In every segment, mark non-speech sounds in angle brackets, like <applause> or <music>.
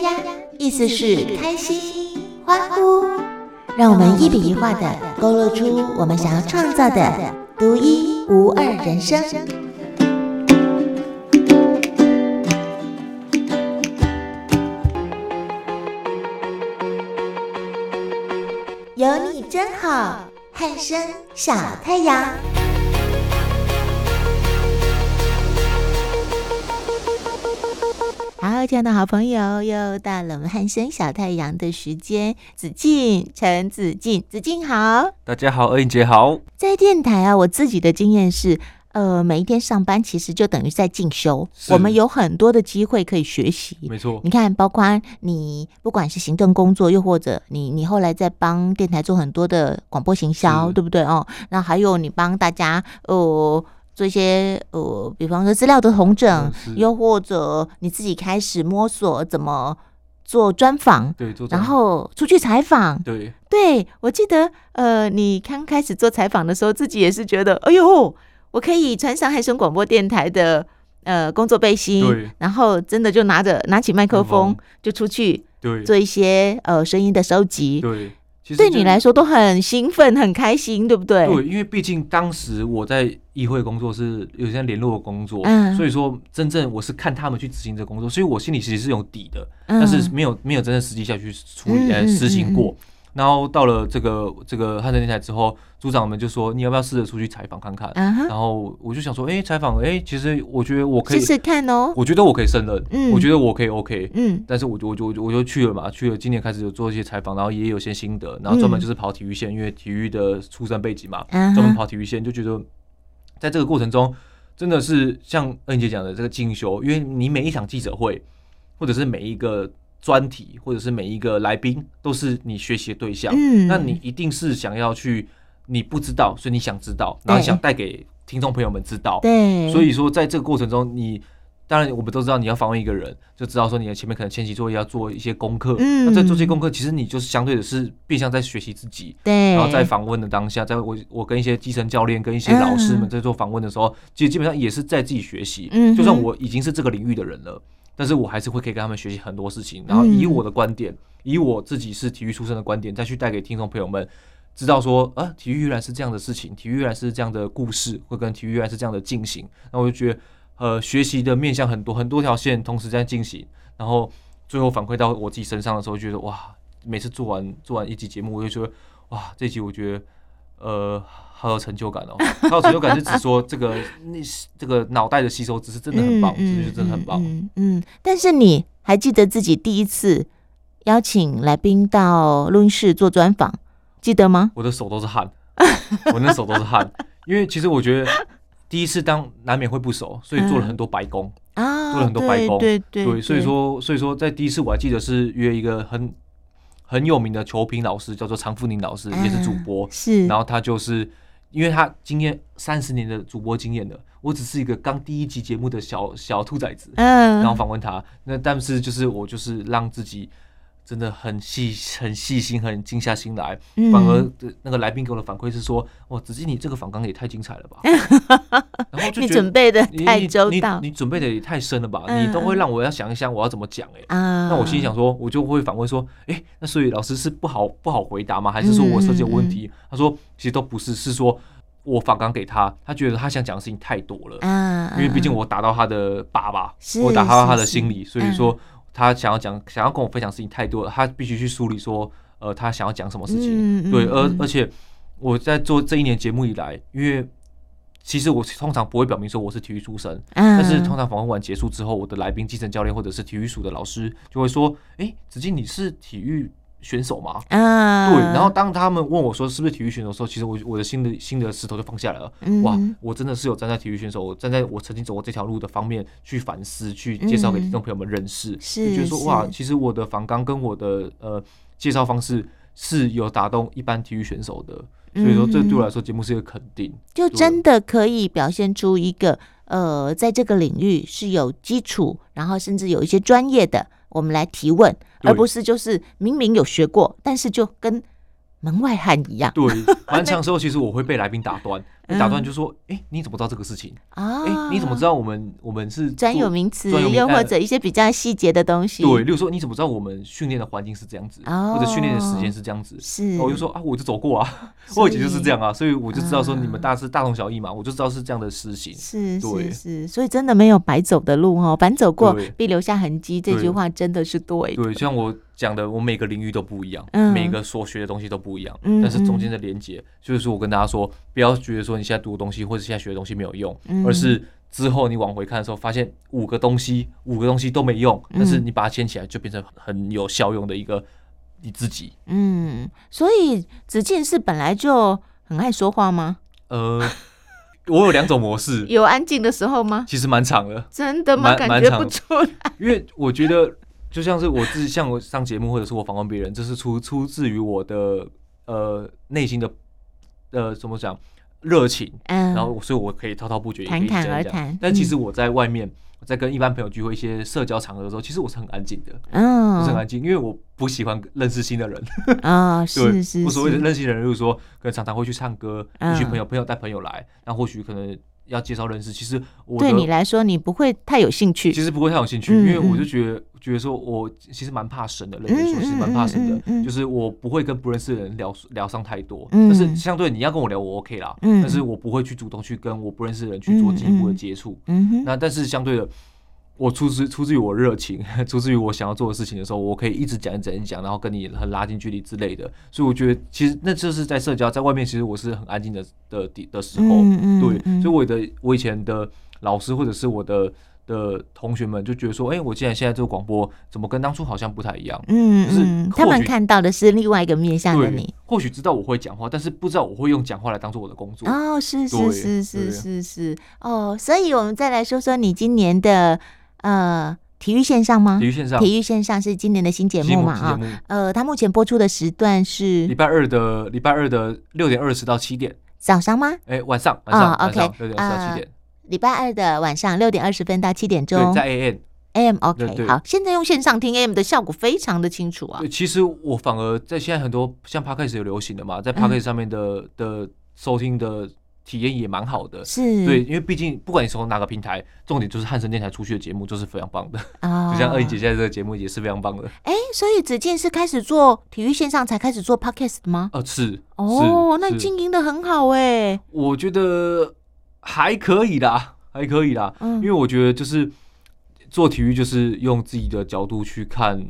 呀呀，意思是開心歡呼，讓我們一筆一畫的勾勒出我們想要創造的獨一無二人生。有你真好，漢聲小太陽。親愛的好朋友，又到了我們漢聲小太陽的時間。子晉，陳子晉。子晉好，大家好，阿英姐好。在電臺啊，我自己的經驗是，呃，每一天上班其實就等於在進修。我們有很多的機會可以學習。沒錯，你看，包括你，不管是行政工作，又或者你，你後來在幫電臺做很多的廣播行銷，對不對哦？那還有你幫大家，呃。做一些呃，比方說資料的統整，嗯，又或者你自己開始摸索怎麼做專訪，對做，然後出去採訪，對，對我記得呃，你剛開始做採訪的時候，自己也是覺得，哎呦，我可以穿上漢聲廣播電台的呃工作背心，然後真的就拿着拿起麥克風，麥克風就出去，做一些呃聲音的收集，對其實，對你來說都很興奮很開心，對不對？對，因為畢竟當時我在。議會工作是有些聯絡的工作，uh -huh. 所以說真正我是看他們去執行這工作，所以我心裡其實是有底的，uh -huh. 但是沒有沒有真正實際下去處理執、uh -huh. 行過。Uh -huh. 然後到了這個這個漢聲電台之後，組長們就說，你要不要試着出去採訪看看？Uh -huh. 然後我就想說，哎、欸，採訪，哎、欸，其實我覺得我可以試試看哦，uh -huh. 我覺得我可以勝任，uh -huh. 我覺得我可以 OK，uh -huh. 但是我就我就我就去了嘛，去了。今年開始有做一些採訪，然後也有些心得，然後專門就是跑體育線，uh -huh. 因為體育的出身背景嘛，專門跑體育線就覺得。在這個過程中，真的是像恩姐講的這個進修，因為你每一場記者會，或者是每一個專題，或者是每一個來賓，都是你學習的對象。嗯，那你一定是想要去你不知道，所以你想知道，然後想帶給聽眾朋友們知道。對，所以說在這個過程中你。當然，我們都知道，你要訪問一個人，就知道說你的前面可能前期作業要做一些功課。嗯，那在做這些功課，其實你就是相對的是，變相在學習自己。對。然後在訪問的當下，在我我跟一些基層教練、跟一些老師們在做訪問的時候，嗯，其實基本上也是在自己學習。嗯。就算我已經是這個領域的人了，但是我還是會可以跟他們學習很多事情，然後以我的觀點，嗯，以我自己是體育出身的觀點，再去帶給聽眾朋友們知道說啊，體育依然是這樣的事情，體育依然是這樣的故事，會跟體育依然是這樣的進行。那我就覺得。呃，學習的面向很多，很多條線同時在進行，然後最後反饋到我自己身上的時候，覺得哇，每次做完做完一集節目，我就覺得哇，這集我覺得呃，好有成就感哦。好有成就感就只說這個 <laughs> 這個腦袋的吸收知識真的很棒，知識真的很棒。嗯，但是你還記得自己第一次邀請來賓到錄音室做專訪，記得嗎？我的手都是汗，我的手都是汗， <laughs> 因為其實我覺得。第一次當難免會不熟，所以做了很多白工，嗯啊、做了很多白工，對對對，對，所以說所以說在第一次我還記得是約一個很很有名的球評老師，叫做常富寧老師，也是主播，嗯、是，然後他就是因為他經驗三十年的主播經驗的，我只是一個剛第一集節目的小小兔崽子，嗯、然後訪問他，那但是就是我就是讓自己。真的很細很細心，很靜下心來。嗯、反而那個來賓給我的反饋是說：“哇，子晉，你這個訪綱也太精彩了吧！” <laughs> 然後就覺得你準備的太周到，你，你，你，你準備的也太深了吧，嗯？你都會讓我要想一想我要怎麼講哎、欸嗯。那我心裡想說，我就會反問說：“哎、欸，那所以老師是不好不好回答嗎？還是說我設計有問題嗯嗯？”他說：“其實都不是，是說我訪綱給他，他覺得他想講的事情太多了嗯嗯，因為畢竟我打到他的爸爸，是是是我打到他的心裡，嗯，所以說。”他想要講，想要跟我分享的事情太多了，他必須去梳理說，呃，他想要講什麼事情。嗯、對，而而且我在做這一年節目以來，因為其實我通常不會表明說我是體育出身、嗯，但是通常訪問完結束之後，我的來賓、基層教練或者是體育署的老師就會說：“誒、欸，子晉，你是體育。”選手嘛、啊，對。然後當他們問我說是不是體育選手的時候，其實我我的心的心的石頭就放下來了、嗯。哇，我真的是有站在體育選手，我站在我曾經走過這條路的方面去反思，去介紹給聽眾朋友們認識。嗯、是就覺得說哇，其實我的訪綱跟我的呃介紹方式是有打動一般體育選手的。所以說這對我來說節目是一個肯定、嗯，就真的可以表現出一個呃，在這個領域是有基礎，然後甚至有一些專業的。我們來提問，而不是就是明明有學過，但是就跟門外漢一樣。對，完場時候其實我會被來賓打斷。 <laughs> 打斷就說：“哎、欸，你怎麼知道這個事情啊？哎、哦欸，你怎麼知道我們我們是專有名詞，又或者一些比較細節的東西、嗯？對，例如說，你怎麼知道我們訓練的環境是這樣子，哦、或者訓練的時間是這樣子？是，我就說啊，我就走過啊，以我以前就是這樣啊，所以我就知道說你們大是大同小異嘛，我就知道是這樣的事情是對。是，是，是，所以真的沒有白走的路哦，反走過必留下痕跡，這句話真的是對，的對。對，像我講的，我每個領域都不一樣、嗯，每個所學的東西都不一樣，但是中間的連接，就是我跟大家說，不要覺得說。”你現在讀的東西或者現在學的東西沒有用、嗯，而是之後你往回看的時候，發現五個東西，五個東西都沒用，嗯、但是你把它牽起來，就變成很有效用的一個你自己。嗯，所以子健晉是本來就很愛說話嗎？呃，我有兩種模式， <laughs> 有安靜的時候嗎？其實蠻長的，真的嗎？感覺不出來，因為我覺得就像是我自己，像我上節目，或者是我訪問別人，這 <laughs> 是出出自於我的呃內心的呃怎麼講？熱情、嗯，然後所以我可以滔滔不絕，也可以講一講，侃侃而談。但其實我在外面，我、嗯、在跟一般朋友聚會一些社交場合的時候，其實我是很安靜的，嗯、哦，我是很安靜，因為我不喜歡認識新的人啊、哦， <laughs> 是，是，是我所謂的認識新的人，就是說可能常常會去唱歌，一、嗯、群朋友，朋友帶朋友來，那或許可能。要介紹認識，其實我對你來說，你不會太有興趣。其實不會太有興趣，嗯嗯，因為我就覺得覺得說，我其實蠻怕生的，人來說是蠻怕生的嗯嗯嗯嗯嗯，就是我不會跟不認識的人聊聊上太多。嗯、但是相對你要跟我聊，我 OK 啦，嗯。但是我不會去主動去跟我不認識的人去做進一步的接觸嗯嗯嗯。那但是相對的。我出自出自於我熱情，出自於我想要做的事情的時候，我可以一直講一講一講，然後跟你很拉近距離之類的。所以我覺得，其實那就是在社交在外面，其實我是很安靜的的的時候，嗯、對、嗯。所以我的、嗯、我以前的老師或者是我的的同學們就覺得說，哎、欸，我既然現在做廣播怎麼跟當初好像不太一樣？嗯是他們看到的是另外一個面向的你，或許知道我會講話，但是不知道我會用講話來當做我的工作。哦，是是是是是是,、啊、是,是,是哦。所以我們再來說說你今年的。呃，體育線上嗎？體育線上，體育線上是今年的新節目嘛？目哦、呃，它目前播出的時段是禮拜二的禮拜二的六點二十到七點，早上嗎？哎，晚上，晚上、哦、OK。六點二十到七點、呃，禮拜二的晚上六點二十分到七點鐘，對在 AM，AM AM，OK，對好，現在用線上聽 AM 的效果非常的清楚啊、哦。其實我反而在現在很多像 Podcast 有流行的嘛，在 Podcast 上面的、嗯、的收聽的。體驗也蠻好的，是對，因為畢竟不管你從哪個平台，重點就是漢聲電台出去的節目就是非常棒的啊， <laughs> 就像二姨姐現在這個節目也是非常棒的。哎、欸，所以子晉是開始做體育線上才開始做 podcast 嗎？啊、呃，是。哦，那經營的很好哎。我覺得還可以啦，還可以啦。嗯，因為我覺得就是做體育就是用自己的角度去看。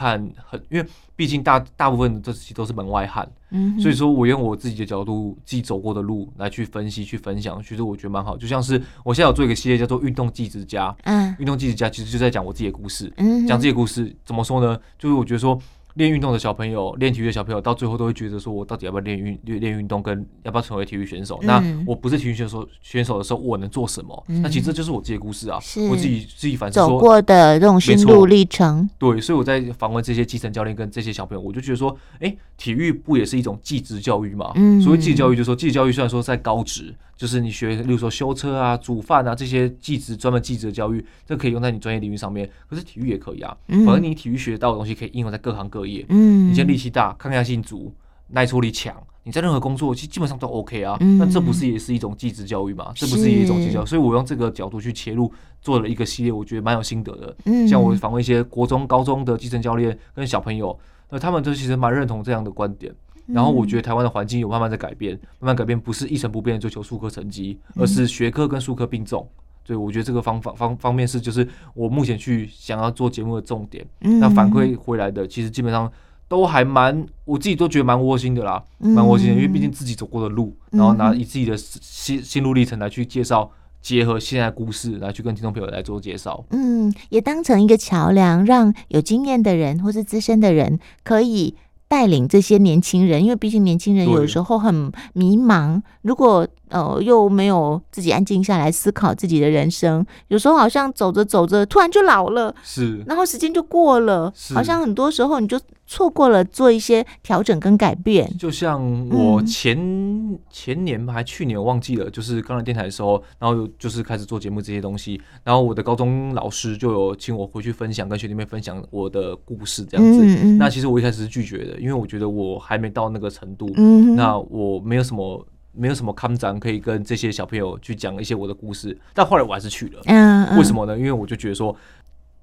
看很，因為畢竟大大部分的這些都是門外漢，嗯，所以說我用我自己的角度，自己走過的路來去分析、去分享，其實我覺得蠻好。就像是我現在有做一個系列，叫做《運動紀實家》，嗯，《運動紀實家》其實就在講我自己的故事，嗯，講自己的故事，怎麼說呢？就是我覺得說。練運動的小朋友，練體育的小朋友，到最後都會覺得說，我到底要不要練運練運動，跟要不要成為體育選手？嗯、那我不是體育選手選手的時候，我能做什麼？嗯、那其實這就是我自己的故事啊，我自己自己反思說走過的這種心路歷程。對，所以我在訪問這些基層教練跟這些小朋友，我就覺得說，哎、欸，體育不也是一種技職教育嘛、嗯？所謂技教育，就是說技教育雖然說在高職，就是你學，例如說修車啊、煮飯啊這些技職，專門技職的教育，這個、可以用在你專業領域上面，可是體育也可以啊，反正你體育學到的東西可以應用在各行各業。嗯，你先力氣大，抗壓性足，耐挫力強，你在任何工作其實基本上都 OK 啊。那、嗯、這不是也是一種技職教育嗎？這不是也一種技巧？所以我用這個角度去切入，做了一個系列，我覺得蠻有心得的。嗯，像我訪問一些國中、高中的基層教練跟小朋友，那他們都其實蠻認同這樣的觀點。然後我覺得臺灣的環境有慢慢在改變，慢慢改變不是一成不變的追求數科成績，而是學科跟數科並重。嗯所以我覺得這個方法方方面是，就是我目前去想要做節目的重點。嗯、那反饋回來的，其實基本上都還蠻，我自己都覺得蠻窩心的啦，蠻窩心的。的、嗯。因為畢竟自己走過的路，然後拿以自己的心心路歷程來去介紹、嗯，結合現在的故事來去跟聽眾朋友來做介紹。嗯，也當成一個橋梁，讓有經驗的人或是資深的人可以帶領這些年輕人，因為畢竟年輕人有時候很迷茫。如果呃，又沒有自己安靜下來思考自己的人生，有時候好像走着走着，突然就老了，是，然後時間就過了，好像很多時候你就錯過了做一些調整跟改變。就像我前、嗯、前年吧，還去年我忘記了，就是剛來電台的時候，然後就是開始做節目這些東西，然後我的高中老師就有請我回去分享，跟學弟妹分享我的故事這樣子。嗯嗯嗯，那其實我一開始是拒絕的，因為我覺得我還沒到那個程度，嗯、那我沒有什麼。沒有什麼抗展可以跟這些小朋友去講一些我的故事，但後來我還是去了。嗯、uh, uh,，為什麼呢？因為我就覺得說，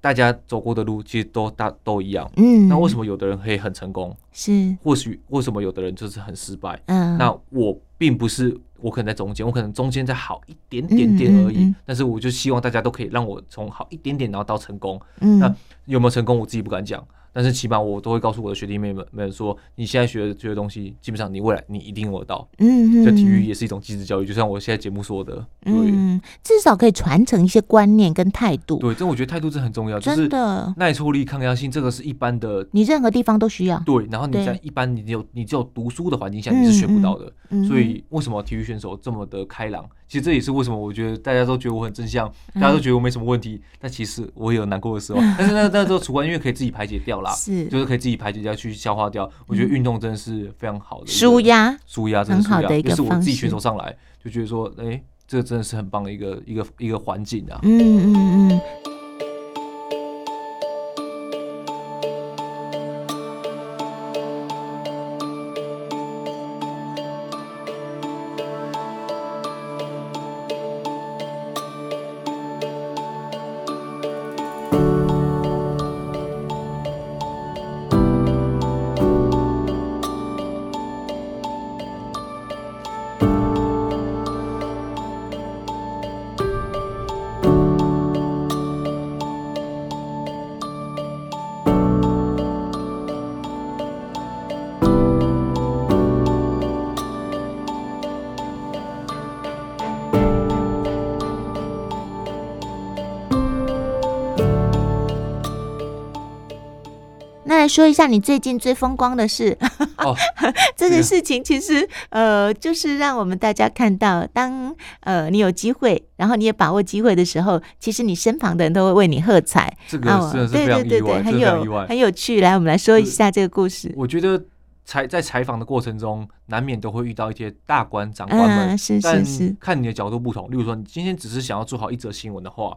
大家走過的路其實都大都一樣。嗯，那為什麼有的人可以很成功？是，或許為什麼有的人就是很失敗？嗯、uh,，那我並不是，我可能在中間，我可能中間再好一點點點而已。嗯、但是我就希望大家都可以讓我從好一點點，然後到成功。嗯，那有沒有成功，我自己不敢講。但是起碼我都會告訴我的學弟妹們們說，你現在學的這些東西，基本上你未來你一定用得到。嗯，就體育也是一種機制教育，就像我現在節目說的對。嗯，對，嗯，至少可以傳承一些觀念跟態度。對，這我覺得態度是很重要，真的。就是、耐挫力、抗壓性，這個是一般的，你任何地方都需要。對，然後你在一般你有你只有讀書的環境下你是學不到的、嗯嗯，所以為什麼體育選手這麼的開朗？其實這也是為什麼我覺得大家都覺得我很正向，大家都覺得我沒什麼問題、嗯，但其實我也有難過的時候。但是那那時候主觀因為可以自己排解掉啦，是就是可以自己排解掉去消化掉。嗯、我覺得運動真的是非常好的舒壓，舒壓很好的一個方式。也是我自己選手上來就覺得說，哎、欸，這個、真的是很棒的一個一個一個環境啊。嗯嗯嗯。嗯說一下你最近最風光的事，oh。 <laughs> 這個事情其實，yeah. 呃,就是讓我們大家看到，當呃你有機會，然後你也把握機會的時候，其實你身旁的人都會為你喝彩。這個真的是非常意外，對對對對，很有很有趣。來，我們來說一下這個故事。就是，我覺得採在採訪的過程中，難免都會遇到一些大官長官們。Uh, 是，是是是，但是看你的角度不同。例如說，你今天只是想要做好一則新聞的話。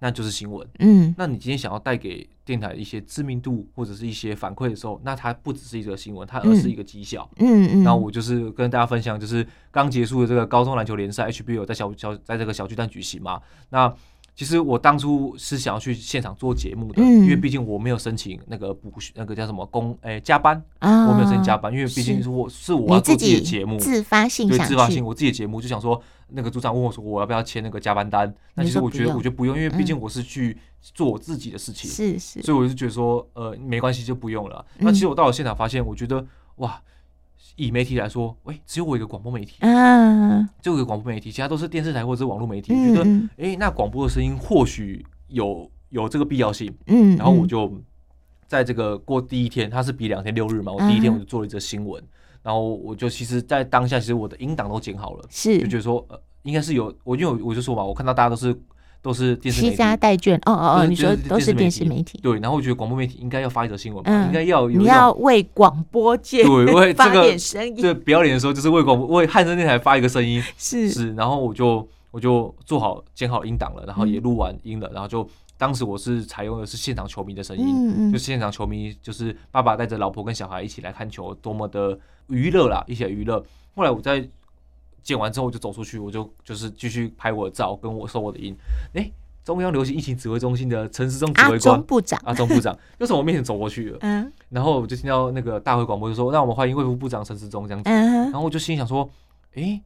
那就是新聞。嗯，那你今天想要帶給電台一些知名度或者是一些反饋的時候，那它不只是一則新聞，它而是一個績效。嗯,嗯那我就是跟大家分享，就是剛結束的這個高中籃球聯賽 HBL 在小小在這個小巨蛋舉行嘛。那其實我當初是想要去現場做節目的，嗯、因為畢竟我沒有申請那個補那個叫什麼工哎、欸，加班、哦，我沒有申請加班，因為畢竟是我是,是我要做自己的節目，自,自發性對自發性，我自己的節目就想說。那個組長問我說：“我要不要簽那個加班單？”那其實我覺得，我覺得不用，因為畢竟我是去做我自己的事情、嗯，是是，所以我就覺得說，呃，沒關係，就不用了、嗯。那其實我到了現場發現，我覺得哇，以媒體來說，喂、欸，只有我一個廣播媒體，啊，就我一個廣播媒體，其他都是電視台或者是網絡媒體嗯嗯。我覺得，哎、欸，那廣播的聲音或許有有這個必要性。嗯，嗯，然後我就在這個過第一天，它是比兩天六日嘛，我第一天我就做了一則新聞。啊然後我就其實，在當下，其實我的音檔都剪好了，是就覺得說，呃，應該是有我，因為我就說嘛，我看到大家都是都是電視媒體，攜家帶眷，哦哦哦、就是，你說都是電視媒體，視媒體、嗯，對。然後我覺得廣播媒體應該要發一則新聞、嗯，應該要你要為廣播界對為這個，對，不要臉說就是為廣播為漢聲電台發一個聲音，是是。然後我就我就做好剪好音檔了，然後也錄完音了，嗯、然後就當時我是採用的是現場球迷的聲音，嗯，就現場球迷就是爸爸帶着老婆跟小孩一起來看球，多麼的。娛樂啦，一起娛樂。後來我在建完之後，我就走出去，我就就是繼續拍我的照，跟我收我的音、欸。中央流行疫情指揮中心的陳時中指揮官、啊、中部長、啊，阿中部長，又從我面前走過去了、嗯。然後我就聽到那個大會廣播就說：“讓我們歡迎衛福部部長陳時中這樣。”嗯，然後我就心想說：“哎，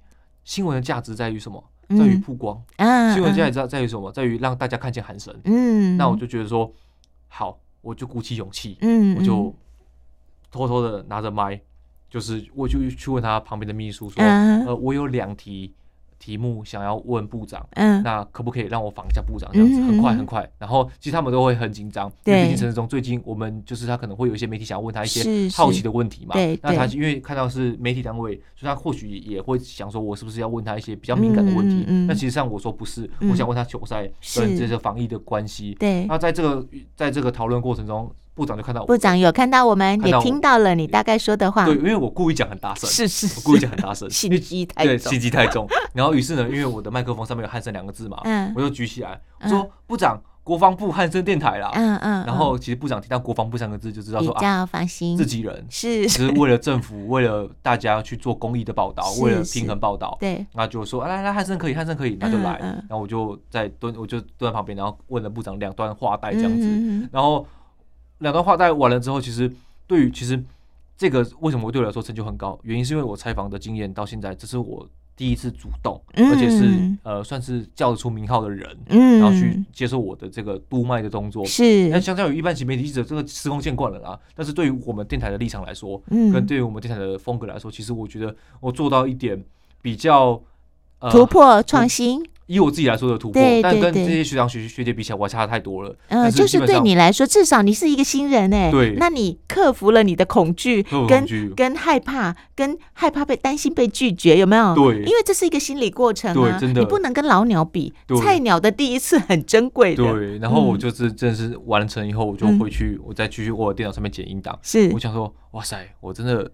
新聞的價值在於什麼？在於曝光、嗯。新聞價值在在於什麼？在於讓大家看見漢聲、嗯。」那我就覺得說：“好，我就鼓起勇氣。”我就偷偷的拿着麥。就是我就去問他旁邊的秘書說，uh. 呃，我有兩題題目想要問部長，uh. 那可不可以讓我訪一下部長？這樣子、mm -hmm. 很快很快。然後其實他們都會很緊張，畢竟城市中最近我們就是他可能會有一些媒體想要問他一些好奇的問題嘛、嗯。那他因為看到是媒體單位，所以他或許也會想說，我是不是要問他一些比較敏感的問題？Mm -hmm. 那其實像我說不是，我想問他球賽跟這些防疫的關係。那在這個在這個討論過程中。部長就看到我們部長有看到,我們看到我們，也聽到了你大概說的話。對，因為我故意講很大聲，是是，故意講很大聲，心機太重， <laughs> 太重 <laughs> 然後於是呢，因為我的麥克風上面有漢聲兩個字嘛、嗯，我就舉起來說：“部長、嗯，國防部漢聲電台啦。嗯”嗯嗯。然後其實部長聽到國防部三個字就知道說：“你不放心、啊，自己人是,是，是為了政府， <laughs> 為了大家去做公益的報道，為了平衡報道。是是”對。那就說來來，漢、啊、聲可以，漢聲可以，那就來。嗯、然後我就在蹲，我就蹲在旁邊，然後問了部長兩段話帶這樣子，嗯、哼哼然後。兩段話帶完了之後，其實對於其實這個為什麼會對我來說成就很高，原因是因為我採訪的經驗到現在，這是我第一次主動，而且是呃算是叫得出名號的人，然後去接受我的這個督脈的動作、嗯，是、嗯、那相較於一般新媒體記者這個司空見慣了啦。但是對於我們電台的立場來說，跟對於我們電台的風格來說，其實我覺得我做到一點比較呃突破創新。以我自己來說的突破，對對對，但跟這些學長學學姐比起來，我還差太多了。嗯、呃，就是對你來說，至少你是一個新人哎、欸。對，那你克服了你的恐懼，跟跟害怕，跟害怕被擔心被拒絕，有沒有？對，因為這是一個心理過程啊，你不能跟老鳥比，菜鳥的第一次很珍貴。對，然後我就是真的是完成以後，我就回去，嗯、我再繼續我的電腦上面剪音檔。是，我想說，哇塞，我真的。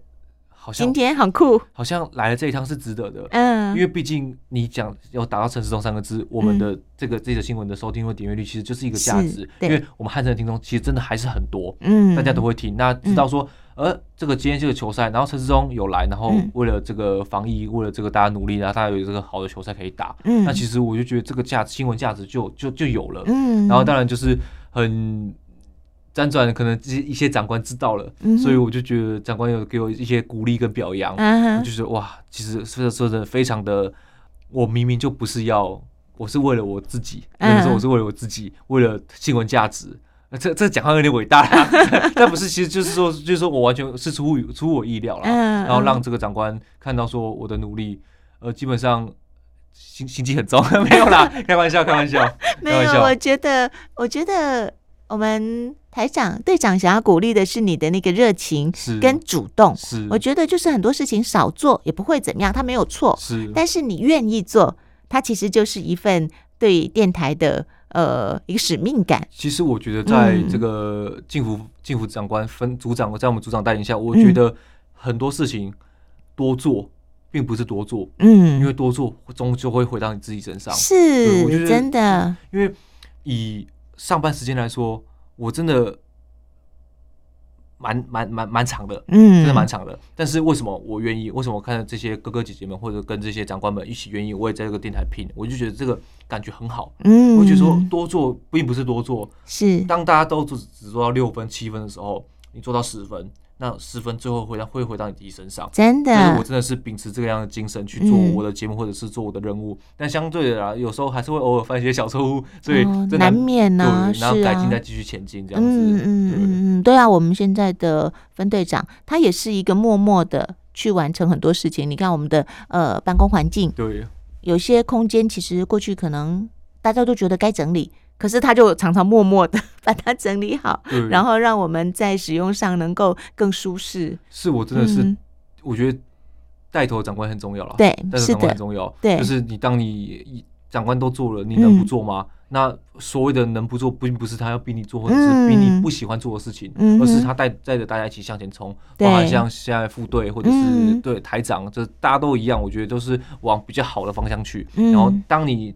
好像今天很酷，好像來了這一趟是值得的。嗯，因為畢竟你講要打到陳時中三個字，我們的這個自己的新聞的收聽和點閱率其實就是一個價值。對，因為我們漢聲的聽眾其實真的還是很多，嗯，大家都會聽。那知道說，嗯、呃，這個今天這個球賽，然後陳時中有來，然後為了這個防疫、嗯，為了這個大家努力，然後大家有這個好的球賽可以打、嗯。那其實我就覺得這個價新聞價值就就就有了。嗯，然後當然就是很。輾轉可能一些一些長官知道了、嗯，所以我就覺得長官有給我一些鼓勵跟表揚、嗯，我就覺得哇，其實說真的非常的，我明明就不是要，我是為了我自己，那時候我是為了我自己，為了新聞價值，這這講話有點偉大 <laughs> 但不是，其實就是說，就是說我完全是出乎出乎我意料了、嗯，然後讓這個長官看到說我的努力，呃，基本上心心機很重， <laughs> 沒有啦， <laughs> 開玩笑，開玩笑，沒有，我覺得，我覺得。我們台長、隊長想要鼓勵的是你的那個熱情跟主動是。是，我覺得就是很多事情少做也不會怎麼樣，他沒有錯。是，但是你願意做，它其實就是一份對電台的呃一個使命感。其實我覺得，在這個政福、政福、嗯、政福長官分組長在我們組長帶領下，我覺得很多事情多做、嗯、並不是多做，嗯，因為多做終究會回到你自己身上。是，我覺得真的，因為以。上班時間來說，我真的蠻蠻蠻蠻長的，嗯，真的蠻長的。但是為什麼我願意？為什麼我看到這些哥哥姐姐們或者跟這些長官們一起願意？我也在這個電台拼，我就覺得這個感覺很好，嗯。我就說多做並不是多做，是，當大家都做，只做到六分七分的時候，你做到十分。那十分最後會會回到你自己身上，真的。因、就、為、是、我真的是秉持這個樣的精神去做我的節目，或者是做我的任務。嗯、但相對的啊，有時候還是會偶爾犯一些小錯誤，所以、嗯、難，難免呢、啊、然後改進再繼續前進這樣子。啊、嗯嗯嗯，對啊，我們現在的分隊長，他也是一個默默的去完成很多事情。你看我們的呃辦公環境，對，有些空間其實過去可能大家都覺得該整理。可是他就常常默默的把它整理好，然後讓我們在使用上能夠更舒適。是我真的是，嗯、我覺得帶頭,帶頭長官很重要了。對，帶頭長官很重要。對，就是你當你長官都做了，你能不做嗎？嗯、那所謂的能不做，並不是他要逼你做，或者是逼你不喜歡做的事情，嗯、而是他帶帶着大家一起向前衝。嗯、包含像現在副隊或者是對,、嗯、對台長，這、就是、大家都一樣，我覺得都是往比較好的方向去。嗯、然後當你。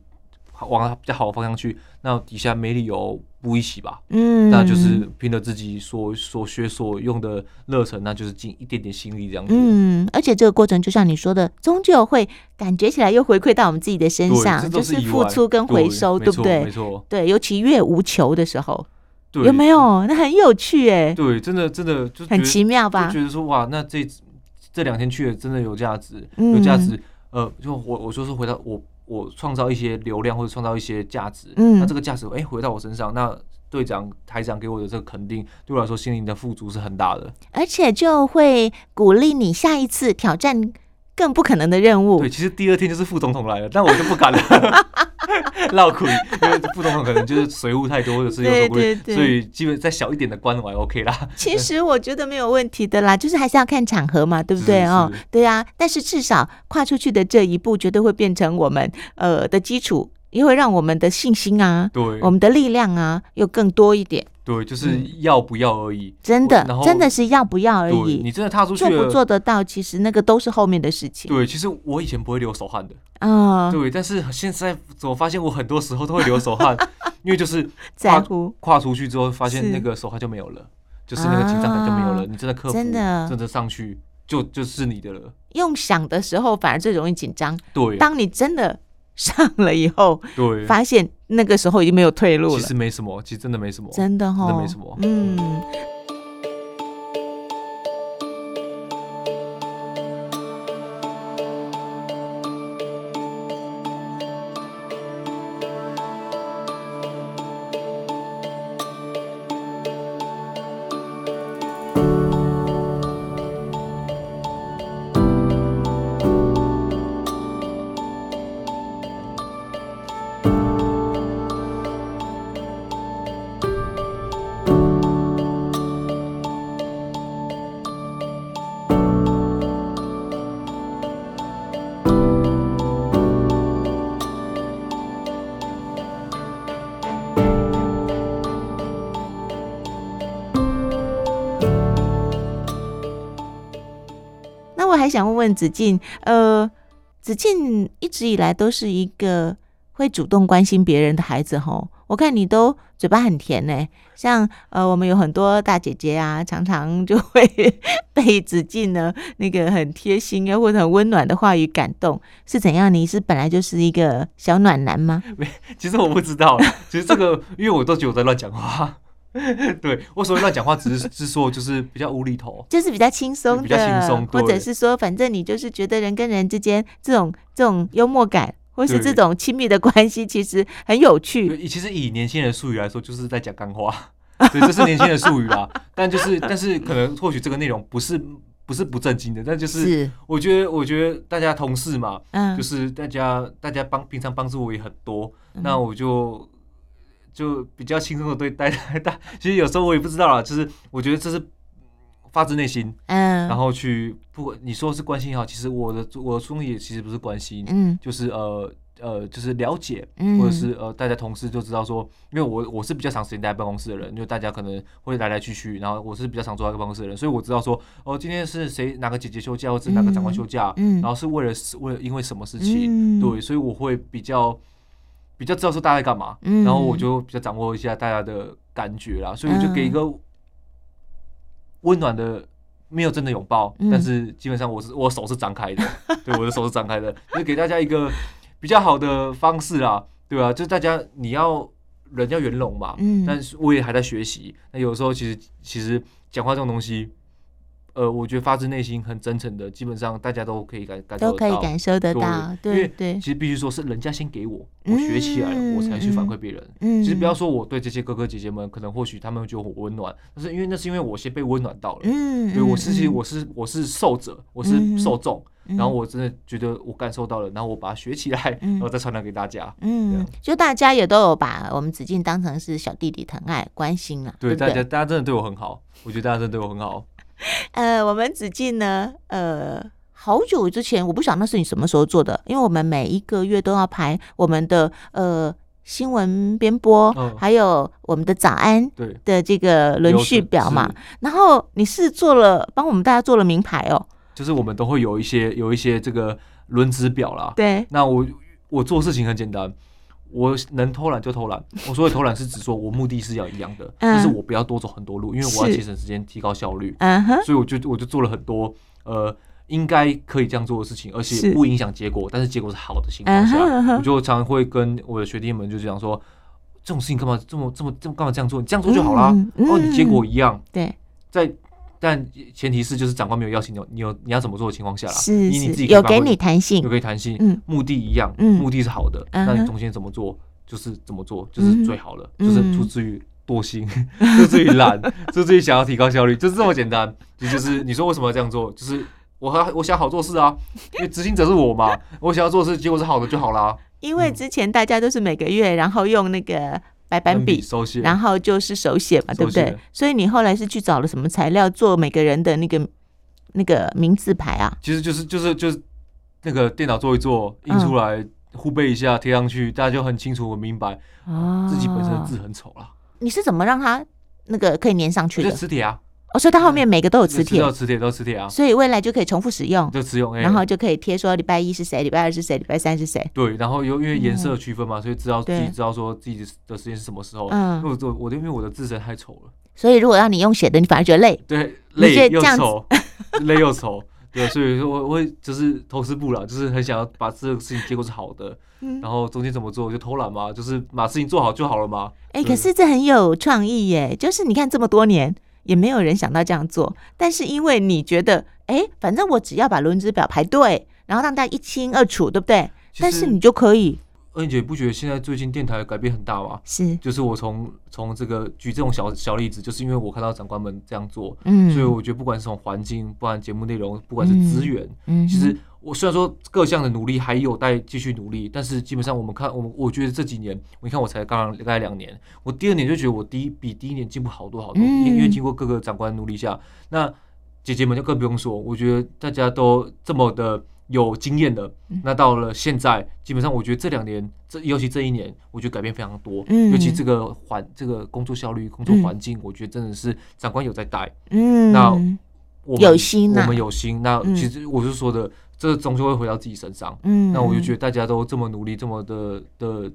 往比較好的方向去，那底下沒理由不一起吧？嗯，那就是憑着自己所所學所用的熱忱，那就是盡一點點心力這樣子。嗯，而且這個過程就像你說的，終究會感覺起來又回饋到我們自己的身上，就是付出跟回收，對，對不對？沒錯，對，尤其越無求的時候，對有沒有、嗯？那很有趣哎、欸。對，真的真的就很奇妙吧？覺得說哇，那這這兩天去了真的有價值，嗯、有價值。呃，就我我就是回到我。我創造一些流量或者創造一些價值，嗯，那這個價值，哎，回到我身上，那隊長台長給我的這個肯定，對我來說心靈的富足是很大的，而且就會鼓勵你下一次挑戰更不可能的任務。對，其實第二天就是副總統來了，但我就不敢了。 <laughs> 嘮 <laughs> 苦，因為不懂可能就是水霧太，太多，或者是所以基本在小一點的關玩 OK 啦。其實我覺得沒有問題的啦，就是還是要看場合嘛，對不對是是哦？對啊，但是至少跨出去的這一步，絕對會變成我們呃的基礎。因為讓我們的信心啊，對，我們的力量啊，又更多一點。對，就是要不要而已。嗯，真的，真的是要不要而已。你真的踏出去，做不做得到其，得到其實那個都是後面的事情。對，其實我以前不會流手汗的啊。Uh, 對，但是現在怎麼發現我很多時候都會流手汗？ <laughs> 因為就是跨在跨出去之後，發現那個手汗就沒有了，就是那個緊張感就沒有了。Uh, 你真的克真的真的上去就就是你的了。用想的時候反而最容易緊張。對，當你真的。上了以後，對，發現那個時候已經沒有退路了。其實沒什麼，其實真的沒什麼，真的哈、哦，真的沒什麼。嗯。問子晉，呃，子晉一直以來都是一個會主動關心別人的孩子哦，我看你都嘴巴很甜呢、欸，像呃，我們有很多大姐姐啊，常常就會被子晉呢那個很貼心啊或者很溫暖的話語感動，是怎樣？你是本來就是一個小暖男嗎？沒，其實我不知道，其實這個 <laughs> 因為我都覺得我在亂講話。 <laughs> 對，我所謂亂講話，只是 <laughs> 是說，就是比較無厘頭，就是比較輕鬆，比較輕鬆，或者是說，反正你就是覺得人跟人之間這種這種幽默感，或是這種親密的關係，其實很有趣。對，其實以年輕人術語來說，就是在講幹話， <laughs> 對，這是年輕人術語啦、啊。 <laughs> 但就是，但是可能或許這個內容不是不是不正經的，但就是我覺得，我覺得大家同事嘛，嗯，就是大家大家幫，平常幫助我也很多，嗯、那我就。就比較輕鬆的對待，待，待，其實有時候我也不知道啊，就是我覺得這是發自內心，uh, 然後去不管你說是關心也好，其實我的我的初衷也其實不是關心，嗯、就是呃呃就是了解，或者是呃大家同事就知道說，因為我我是比較長時間待在辦公室的人，因為大家可能會來來去去，然後我是比較常坐在辦公室的人，所以我知道說哦今天是誰哪個姐姐休假，或者哪個長官休假，嗯嗯、然後是為了為了因為什麼事情、嗯，對，所以我會比較。比較知道說大家在幹嘛，嗯，然後我就比較掌握一下大家的感覺啦，所以我就給一個溫暖的，沒有真的擁抱，嗯，但是基本上我是我手是張開的，嗯，對，我的手是張開的， <laughs> 就給大家一個比較好的方式啦，對吧，啊？就大家你要人要圓融嘛，嗯，但是我也還在學習，那有時候其實其實講話這種東西。呃，我覺得發自內心很真誠的，基本上大家都可以感感受得到，都可以感受得到。對，對對，因為對，其實必須說是人家先給我，給我，嗯、我學起來、嗯，我才去反饋別人、嗯。其實不要說我對這些哥哥姐姐們，可能或許他們就很溫暖，但是因為那是因為我先被溫暖到了。嗯，對我，嗯、我是，我是我是受者，我是受眾、嗯。然後我真的覺得我感受到了，然後我把它學起來，然後再傳達給大家。嗯，就大家也都有把我們子晉當成是小弟弟疼愛關心了。對，對對，大家大家真的對我很好，我覺得大家真的對我很好。呃，我們子晉呢？呃，好久之前，我不曉得那是你什麼時候做的，因為我們每一個月都要排我們的呃新聞編播、嗯，還有我們的早安的這個輪序表嘛。然後你是做了幫我們大家做了名牌哦，就是我們都會有一些有一些這個輪值表啦。對，那我我做事情很簡單。我能偷懶就偷懶，我所謂的偷懶是指說，我目的是要一樣的、 <laughs> 嗯，但是我不要多走很多路，因為我要節省時間，提高效率。所以我就我就做了很多呃應該可以這樣做的事情，而且不影響結果，但是結果是好的情況下，我就常會跟我的學弟們就講說、嗯，這種事情幹嘛這麼這麼這麼幹嘛這樣做？你這樣做就好啦、嗯嗯，哦，你結果一樣。對，在。但前提是就是長官沒有要求你，你有你要怎麼做的情況下啦，你你自己有給你彈性，有給彈性，嗯，目的一樣，嗯，目的是好的，嗯、那你中間怎麼做就是怎麼做就是最好了、嗯，就是出自於惰性、嗯，出自於懶， <laughs> 出自於想要提高效率，就是這麼簡單， <laughs> 就是你說為什麼要這樣做，就是我我我想好做事啊，因為執行者是我嘛，我想要做事結果是好的就好了，因為之前大家都是每個月然後用那個。白板筆，然後就是手寫嘛寫，對不對？所以你後來是去找了什麼材料做每個人的那個那個名字牌啊？其實就是就是就是那個電腦做一做，印出來、嗯、互背一下，貼上去，大家就很清楚、我明白、哦，自己本身的字很醜了、啊。你是怎麼讓它那個可以粘上去的？磁鐵啊。我說它後面每個都有磁鐵、嗯，都有磁鐵，都有磁鐵啊。所以未來就可以重複使用，就用永，然後就可以貼說禮拜一是誰，禮拜二是誰，禮拜三是誰。對，然後又因為顏色的區分嘛、嗯，所以知道自己知道說自己的時間是什麼時候。嗯，我我因為我的字寫太醜了、嗯，所以如果讓你用寫的，你反而覺得累，對，累又醜，累又醜。 <laughs> 對，所以我我就是偷吃步啦，就是很想要把這個事情結果是好的，嗯、然後中間怎麼做就偷懶嘛，就是把事情做好就好了嘛、嗯欸、可是這很有創意耶，就是你看這麼多年。也沒有人想到這樣做，但是因為你覺得，哎、欸，反正我只要把輪值表排對，然後讓大家一清二楚，對不對？但是你就可以。恩姐不覺得現在最近電台改變很大嗎？是，就是我從從這個舉這種小小例子，就是因為我看到長官們這樣做，嗯，所以我覺得不管是從環境，不管節目內容，不管是資源嗯，嗯，其實。我雖然說各項的努力還有待繼續努力，但是基本上我們看，我我覺得這幾年，你看我才剛剛來兩年，我第二年就覺得我第一比第一年進步好多好多，因、嗯、為因為經過各個長官努力下，那姐姐們就更不用說，我覺得大家都這麼的有經驗的、嗯，那到了現在，基本上我覺得這兩年，這尤其這一年，我覺得改變非常多，嗯、尤其這個環這個工作效率、工作環境、嗯，我覺得真的是長官有在帶，嗯，那我有心、啊，我們有心，那其實我是說的。嗯嗯這終究會回到自己身上。嗯，那我就覺得大家都這麼努力，這麼的的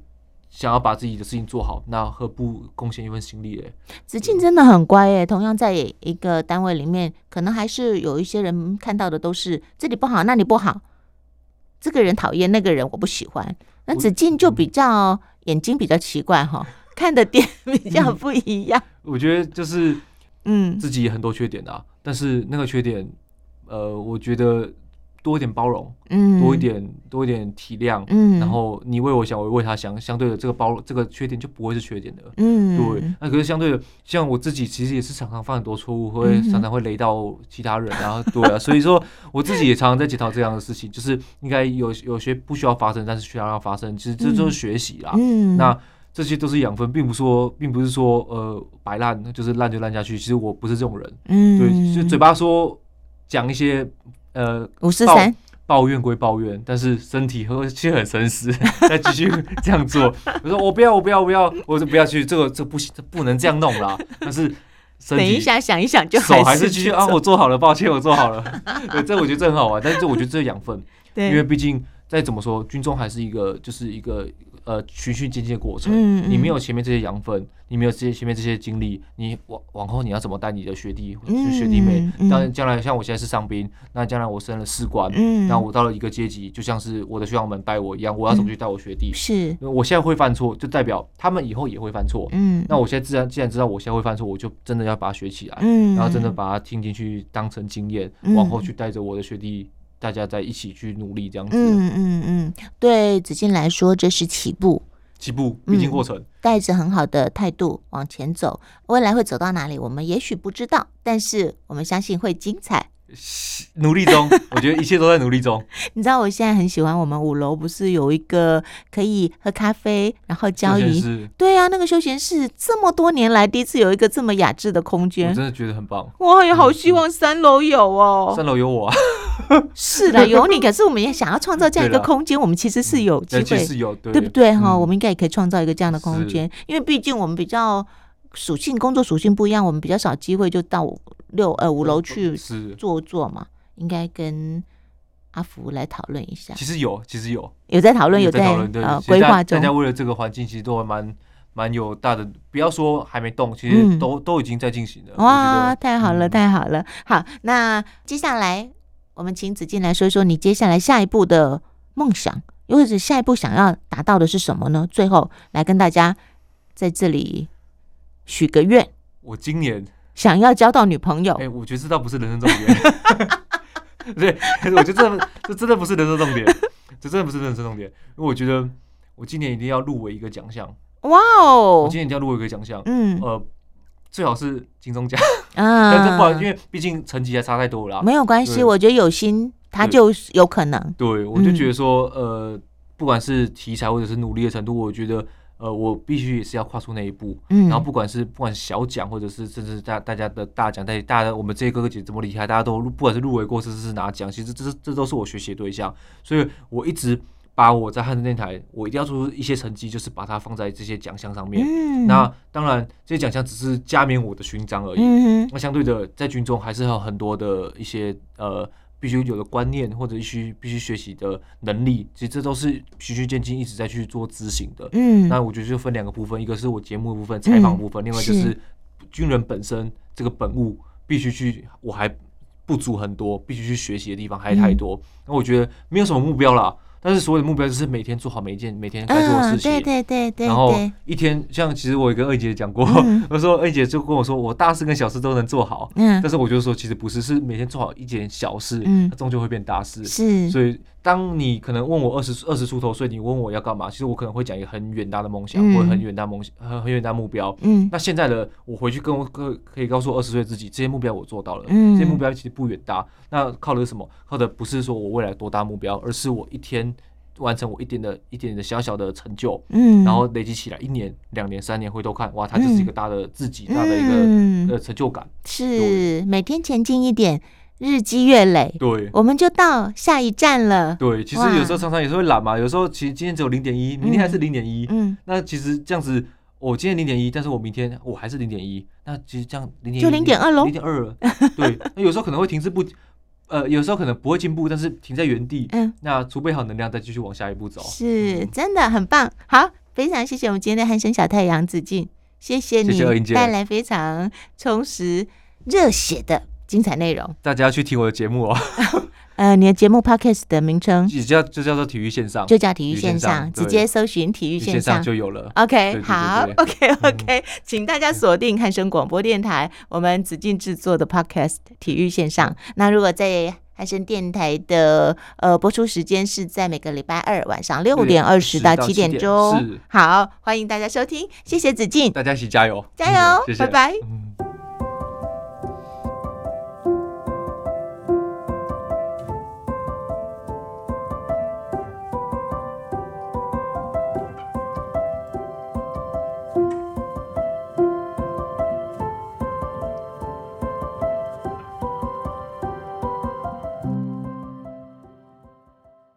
想要把自己的事情做好，那何不貢獻一份心力、欸？子晉真的很乖哎、欸。同樣在一個單位裡面、嗯，可能還是有一些人看到的都是這裡不好，那裡不好，這個人討厭，那個人我不喜歡。那子晉就比較、嗯、眼睛比較奇怪哈，看的點比較不一樣。嗯、我覺得就是嗯，自己很多缺點啊、嗯，但是那個缺點，呃，我覺得。多一點包容，嗯，多一點多一點體諒、嗯，然後你為我想，我為他想，相對的，這個包這個缺點就不會是缺點的，嗯，對。那、啊、可是相對的，像我自己其實也是常常犯很多錯誤、嗯，會常常會雷到其他人、啊，然、嗯、後對啊，所以說我自己也常常在檢討這樣的事情， <laughs> 就是應該有有些不需要發生，但是需要讓發生，其實這就是學習啦。嗯，那這些都是養分，並不說並不是說呃擺爛就是爛就爛下去，其實我不是這種人，嗯，對，就嘴巴說講一些。呃，五抱，抱怨歸抱怨，但是身體其卻很誠實。 <laughs> 再繼續這樣做，我說我不要，我不要，不要，我說不要去。這個這不行，這不能這樣弄啦。但是身體，等一下想一想就，就手還是繼續啊。我做好了，抱歉，我做好了。對，這我覺得這很好玩， <laughs> 但是我覺得這養分對，因為畢竟再怎麼說，軍中還是一個，就是一個。呃，循序漸進的過程、嗯嗯，你沒有前面這些養分，你沒有這些前面這些經歷，你往往後你要怎麼帶你的學弟、學弟妹？當、嗯、然，將、嗯、來像我現在是上兵，那將來我升了士官，那、嗯、我到了一個階級，就像是我的學長們帶我一樣，我要怎麼去帶我學弟、嗯？是，我現在會犯錯，就代表他們以後也會犯錯，嗯，那我現在自然、既然，知道我現在會犯錯，我就真的要把它學起來、嗯，然後真的把它聽進去，當成經驗，往後去帶着我的學弟。大家在一起去努力，這樣子。嗯嗯嗯，對子晉來說，這是起步，起步，畢竟過程，帶、嗯、着很好的態度往前走。未來會走到哪裡，我們也許不知道，但是我們相信會精彩。努力中，我覺得一切都在努力中。 <laughs> 你知道我現在很喜歡我們五樓，不是有一個可以喝咖啡，然後交誼？對啊，那個休閒室，這麼多年來第一次有一個這麼雅致的空間，我真的覺得很棒。我也好希望三樓有哦、喔嗯嗯，三樓有我、啊， <laughs> 是的，有你。可是我們也想要創造這樣一個空間，我們其實是有機會、嗯欸其實是有對，對不對哈、嗯？我們應該也可以創造一個這樣的空間，因為畢竟我們比較。屬性工作屬性不一樣，我們比較少機會就到五六呃五樓去坐坐嘛，應該跟阿福來討論一下。其實有，其實有，有在討論，有在討論，規劃中、呃、大家為了這個環境，其實都還蠻蠻有大的，不要說還沒動，其實都、嗯、都已經在進行的。哇、嗯，太好了，太好了。好，那接下來我們請子晉來說一說你接下來下一步的夢想，又或者下一步想要達到的是什麼呢？最後來跟大家在這裡許個願，我今年想要交到女朋友。哎、欸，我覺得這倒不是人生重點。 <laughs> <laughs> 對，我覺得這這真的不是人生重點，這真的不是人生重點。因 <laughs> 為我覺得我今年一定要入圍一個獎項。哇哦！我今年一定要入圍一個獎項。嗯，呃，最好是金鐘獎啊，但這不然，因為畢竟成績還差太多了啦。沒有關係，我覺得有心他就有可能對。嗯。對，我就覺得說，呃，不管是題材或者是努力的程度，我覺得。呃，我必須也是要跨出那一步，嗯、然後不管是不管小獎，或者是甚至大大家的大獎，大家我們這些哥哥姐姐怎麼厲害，大家都不管是入圍過，甚至是拿獎，其實這這都是我學習的對象，所以我一直把我在漢聲電台，我一定要做出一些成績，就是把它放在這些獎項上面。嗯、那當然，這些獎項只是加冕我的勳章而已。那、嗯、相對的，在軍中還是有很多的一些呃。必須有的觀念，或者必須必須學習的能力，其實這都是循序漸進，一直在去做執行的。嗯，那我覺得就分兩個部分，一個是我節目的部分採訪部分、嗯，另外就是軍人本身這個本務必須去，我還不足很多，必須去學習的地方還太多、嗯。那我覺得沒有什麼目標了。但是所有的目標就是每天做好每一件每天該做的事情，哦、對，對對對對。然後一天像其實我也跟二姐講過，嗯、我說二姐就跟我說我大事跟小事都能做好，嗯。但是我就說其實不是，是每天做好一件小事，嗯、終究會變大事，嗯、是。所以。當你可能問我二十二十出頭歲，你問我要幹嘛？其實我可能會講一個很遠大的夢想，嗯、或者很遠大夢想，很很遠大目標。嗯，那現在的我回去跟我可可以告訴我二十歲自己，這些目標我做到了。嗯、這些目標其實不遠大。那靠的是什麼？靠的不是說我未來多大目標，而是我一天完成我一點的、一點的小小的成就。嗯，然後累積起來，一年、兩年、三年回頭看，哇，它就是一個大的自己，嗯、大的一個呃成就感。是每天前進一點。日積月累，對，我們就到下一站了。對，其實有時候常常有時候會懶嘛，有時候其實今天只有零點一，明天還是零點一。嗯，那其實這樣子，我今天零點一，但是我明天我還是零點一。那其實這樣，零點一就零點二嘍，零點二。對，那有時候可能會停滯不，呃，有時候可能不會進步，但是停在原地。嗯，那儲備好能量，再繼續往下一步走。是、嗯，真的很棒。好，非常謝謝我們今天的漢聲小太陽子晉，謝謝你帶來非常充實熱血的。精彩內容，大家要去聽我的節目哦、喔。 <laughs> 呃，你的節目 podcast 的名稱，就叫就叫做體育線上，就叫體育線上，線上直接搜尋體育線上,線上就有了。OK，對對對對好，OK，OK，、okay, okay, 嗯、請大家鎖定漢聲廣播電台，我們子晉制作的 podcast、嗯、體育線上。那如果在漢聲電台的呃播出時間是在每個禮拜二晚上六點二十到七點鐘，好，歡迎大家收聽，謝謝子晉，大家一起加油，加油，嗯、謝謝拜拜。